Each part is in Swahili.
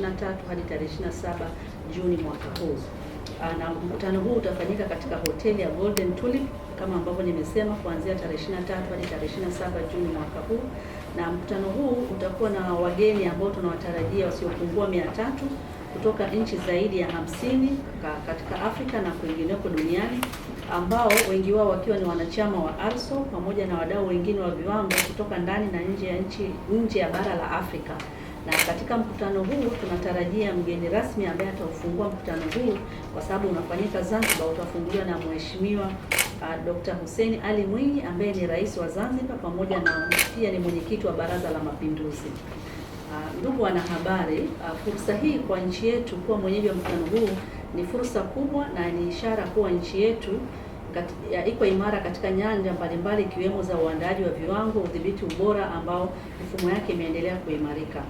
23 hadi tarehe 27 Juni mwaka huu. Ah, na mkutano huu utafanyika katika hoteli ya Golden Tulip kama ambavyo nimesema, kuanzia tarehe 23 hadi tarehe 27 Juni mwaka huu, na mkutano huu utakuwa na wageni ambao tunawatarajia wasiopungua 300 kutoka nchi zaidi ya hamsini katika Afrika na kwingineko duniani ambao wengi wao wakiwa ni wanachama wa ALSO pamoja na wadau wengine wa viwango kutoka ndani na nje ya nchi, nje ya bara la Afrika na katika mkutano huu tunatarajia mgeni rasmi ambaye ataufungua mkutano huu kwa sababu unafanyika Zanzibar, utafunguliwa na Mheshimiwa uh, Dr. Hussein Ali Mwinyi ambaye ni rais wa Zanzibar pamoja na pia ni mwenyekiti wa Baraza la Mapinduzi. Uh, ndugu wanahabari, uh, fursa hii kwa nchi yetu kuwa mwenyeji wa mkutano huu ni fursa kubwa na ni ishara kuwa nchi yetu iko imara katika nyanja mbalimbali ikiwemo za uandaji wa viwango, udhibiti ubora ambao mifumo yake imeendelea kuimarika.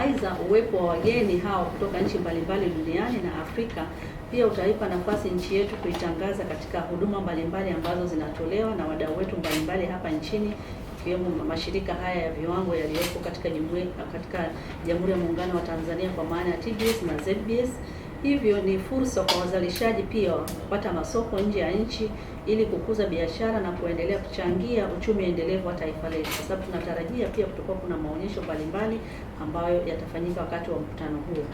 Aidha, uwepo wa wageni hao kutoka nchi mbalimbali duniani na Afrika pia utaipa nafasi nchi yetu kuitangaza katika huduma mbalimbali ambazo zinatolewa na wadau wetu mbalimbali hapa nchini ikiwemo mashirika haya ya viwango yaliyopo katika Jamhuri ya Muungano wa Tanzania kwa maana ya TBS na ZBS. Hivyo ni fursa kwa wazalishaji pia kupata masoko nje ya nchi ili kukuza biashara na kuendelea kuchangia uchumi endelevu wa taifa letu, kwa sababu tunatarajia pia kutakuwa kuna maonyesho mbalimbali ambayo yatafanyika wakati wa mkutano huo.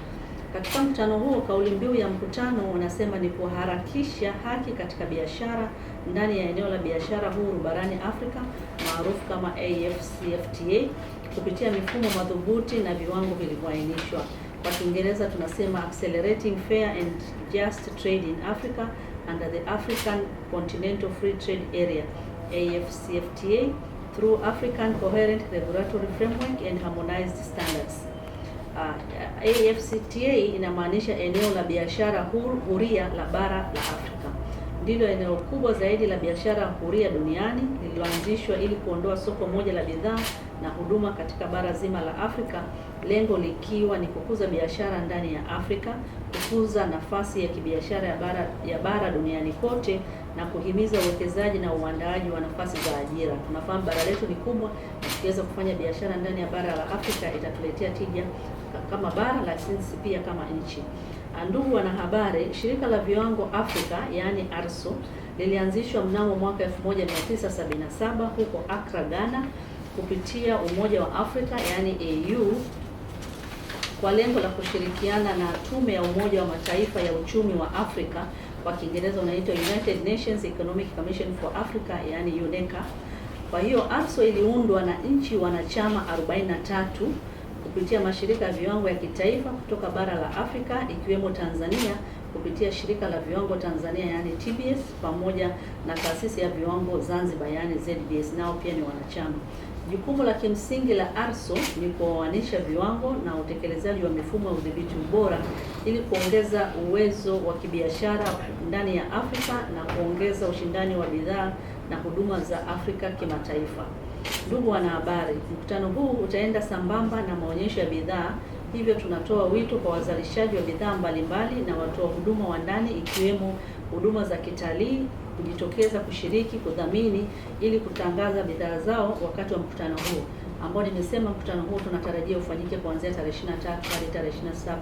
Katika mkutano huo, kauli mbiu ya mkutano unasema ni kuharakisha haki katika biashara ndani ya eneo la biashara huru barani Afrika maarufu kama AfCFTA kupitia mifumo madhubuti na viwango vilivyoainishwa kwa Kiingereza tunasema accelerating fair and just trade in Africa under the African Continental Free Trade Area AfCFTA through African Coherent Regulatory Framework and Harmonized Standards. Uh, AFCTA inamaanisha eneo la biashara huru huria la bara la Afrika ndilo eneo kubwa zaidi la biashara huria duniani lililoanzishwa ili kuondoa soko moja la bidhaa na huduma katika bara zima la Afrika, lengo likiwa ni kukuza biashara ndani ya Afrika, kukuza nafasi ya kibiashara ya bara, ya bara duniani kote na kuhimiza uwekezaji na uandaaji wa nafasi za ajira. Tunafahamu bara letu ni kubwa, na tukiweza kufanya biashara ndani ya bara la Afrika itatuletea tija kama bara, lakini pia kama nchi. Ndugu wanahabari, shirika la viwango Afrika yaani ARSO lilianzishwa mnamo mwaka 1977 huko Accra, Ghana kupitia Umoja wa Afrika yaani AU kwa lengo la kushirikiana na Tume ya Umoja wa Mataifa ya Uchumi wa Afrika, kwa Kiingereza unaitwa United Nations Economic Commission for Africa yaani UNECA. Kwa hiyo ARSO iliundwa na nchi wanachama 43 kupitia mashirika ya viwango ya kitaifa kutoka bara la Afrika ikiwemo Tanzania kupitia shirika la viwango Tanzania yani TBS pamoja na taasisi ya viwango Zanzibar yani ZBS, nao pia ni wanachama. Jukumu la kimsingi la ARSO ni kuoanisha viwango na utekelezaji wa mifumo ya udhibiti ubora ili kuongeza uwezo wa kibiashara ndani ya Afrika na kuongeza ushindani wa bidhaa na huduma za Afrika kimataifa. Ndugu wanahabari, mkutano huu utaenda sambamba na maonyesho ya bidhaa, hivyo tunatoa wito kwa wazalishaji wa bidhaa mbalimbali na watoa huduma wa ndani ikiwemo huduma za kitalii kujitokeza kushiriki, kudhamini ili kutangaza bidhaa zao wakati wa mkutano huu ambao nimesema mkutano huu tunatarajia ufanyike kuanzia tarehe 23 hadi tarehe 27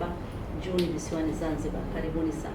Juni visiwani Zanzibar. Karibuni sana.